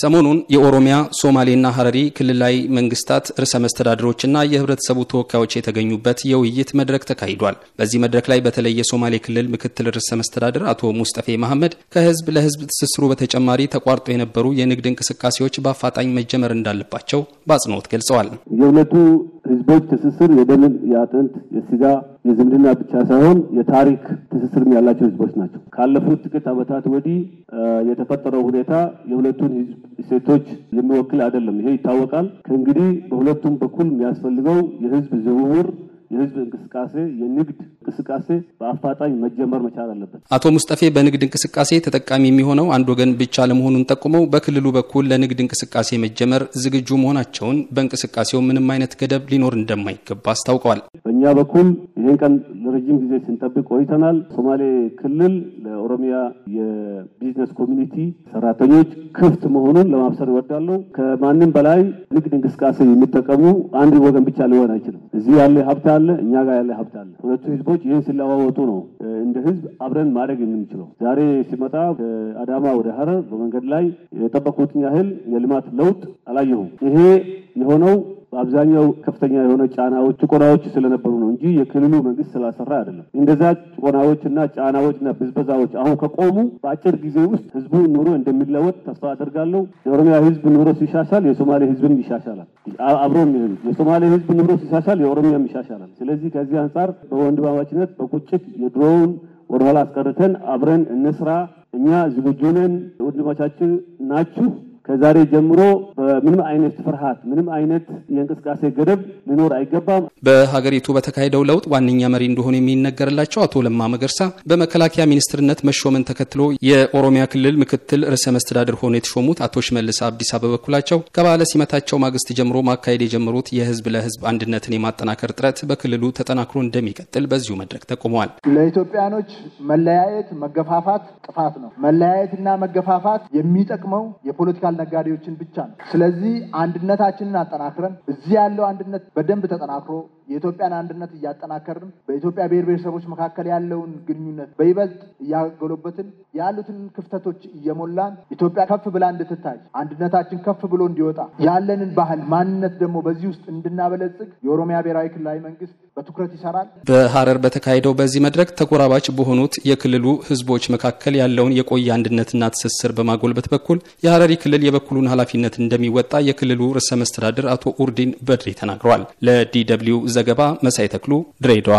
ሰሞኑን የኦሮሚያ ሶማሌና ሀረሪ ክልላዊ መንግስታት ርዕሰ መስተዳድሮችና የህብረተሰቡ ተወካዮች የተገኙበት የውይይት መድረክ ተካሂዷል። በዚህ መድረክ ላይ በተለይ የሶማሌ ክልል ምክትል ርዕሰ መስተዳድር አቶ ሙስጠፌ መሐመድ ከህዝብ ለህዝብ ትስስሩ በተጨማሪ ተቋርጦ የነበሩ የንግድ እንቅስቃሴዎች በአፋጣኝ መጀመር እንዳለባቸው በአጽንኦት ገልጸዋል። የሁለቱ ህዝቦች ትስስር የደም፣ የአጥንት፣ የስጋ፣ የዝምድና ብቻ ሳይሆን የታሪክ ትስስርም ያላቸው ህዝቦች ናቸው። ካለፉት ጥቂት ዓመታት ወዲህ የተፈጠረው ሁኔታ የሁለቱን ህዝብ እሴቶች የሚወክል አይደለም። ይሄ ይታወቃል። ከእንግዲህ በሁለቱም በኩል የሚያስፈልገው የህዝብ ዝውውር፣ የህዝብ እንቅስቃሴ፣ የንግድ እንቅስቃሴ በአፋጣኝ መጀመር መቻል አለበት። አቶ ሙስጠፌ በንግድ እንቅስቃሴ ተጠቃሚ የሚሆነው አንድ ወገን ብቻ ለመሆኑን ጠቁመው በክልሉ በኩል ለንግድ እንቅስቃሴ መጀመር ዝግጁ መሆናቸውን፣ በእንቅስቃሴው ምንም አይነት ገደብ ሊኖር እንደማይገባ አስታውቀዋል። በእኛ በኩል ይህን ቀን ለረጅም ጊዜ ስንጠብቅ ቆይተናል። ሶማሌ ክልል ለኦሮሚያ የቢዝነስ ኮሚኒቲ ሰራተኞች ክፍት መሆኑን ለማብሰር ይወዳለሁ። ከማንም በላይ ንግድ እንቅስቃሴ የሚጠቀሙ አንድ ወገን ብቻ ሊሆን አይችልም። እዚህ ያለ ሀብት አለ፣ እኛ ጋር ያለ ሀብት አለ። ሁለቱ ህዝቦች ይህን ሲለዋወጡ ነው እንደ ህዝብ አብረን ማድረግ የምንችለው። ዛሬ ሲመጣ ከአዳማ ወደ ሀረር በመንገድ ላይ የጠበቁትን ያህል የልማት ለውጥ አላየሁም። ይሄ የሆነው በአብዛኛው ከፍተኛ የሆነ ጫናዎች፣ ጭቆናዎች ስለነበሩ እንጂ የክልሉ መንግስት ስላሰራ አይደለም። እንደዛ ጭቆናዎችና ጫናዎችና ብዝበዛዎች አሁን ከቆሙ በአጭር ጊዜ ውስጥ ህዝቡ ኑሮ እንደሚለወጥ ተስፋ አደርጋለሁ። የኦሮሚያ ህዝብ ኑሮ ሲሻሻል የሶማሌ ህዝብም ይሻሻላል፣ አብሮ የሶማሌ ህዝብ ኑሮ ሲሻሻል የኦሮሚያም ይሻሻላል። ስለዚህ ከዚህ አንጻር በወንድማማችነት በቁጭት የድሮውን ወደኋላ አስቀርተን አብረን እንስራ። እኛ ዝግጁ ነን። ናችሁ። ከዛሬ ጀምሮ ምንም አይነት ፍርሃት፣ ምንም አይነት የእንቅስቃሴ ገደብ ሊኖር አይገባም። በሀገሪቱ በተካሄደው ለውጥ ዋነኛ መሪ እንደሆኑ የሚነገርላቸው አቶ ለማ መገርሳ በመከላከያ ሚኒስትርነት መሾመን ተከትሎ የኦሮሚያ ክልል ምክትል ርዕሰ መስተዳድር ሆኖ የተሾሙት አቶ ሽመልስ አብዲሳ በበኩላቸው ከባለ ሲመታቸው ማግስት ጀምሮ ማካሄድ የጀመሩት የህዝብ ለህዝብ አንድነትን የማጠናከር ጥረት በክልሉ ተጠናክሮ እንደሚቀጥል በዚሁ መድረክ ጠቁመዋል። ለኢትዮጵያኖች መለያየት፣ መገፋፋት ጥፋት ነው። መለያየትና መገፋፋት የሚጠቅመው የፖለቲካ ነጋዴዎችን ብቻ ነው። ስለዚህ አንድነታችንን አጠናክረን እዚህ ያለው አንድነት በደንብ ተጠናክሮ የኢትዮጵያን አንድነት እያጠናከርን በኢትዮጵያ ብሔር ብሔረሰቦች መካከል ያለውን ግንኙነት በይበልጥ እያገሎበትን ያሉትን ክፍተቶች እየሞላን ኢትዮጵያ ከፍ ብላ እንድትታይ አንድነታችን ከፍ ብሎ እንዲወጣ ያለንን ባህል ማንነት ደግሞ በዚህ ውስጥ እንድናበለጽግ የኦሮሚያ ብሔራዊ ክልላዊ መንግስት በትኩረት ይሰራል። በሀረር በተካሄደው በዚህ መድረክ ተጎራባች በሆኑት የክልሉ ህዝቦች መካከል ያለውን የቆየ አንድነትና ትስስር በማጎልበት በኩል የሀረሪ ክልል የበኩሉን ኃላፊነት እንደሚወጣ የክልሉ ርዕሰ መስተዳድር አቶ ኡርዲን በድሬ ተናግረዋል። ለዲ ደብልዩ ዘገባ መሳይ ተክሉ ድሬዳዋ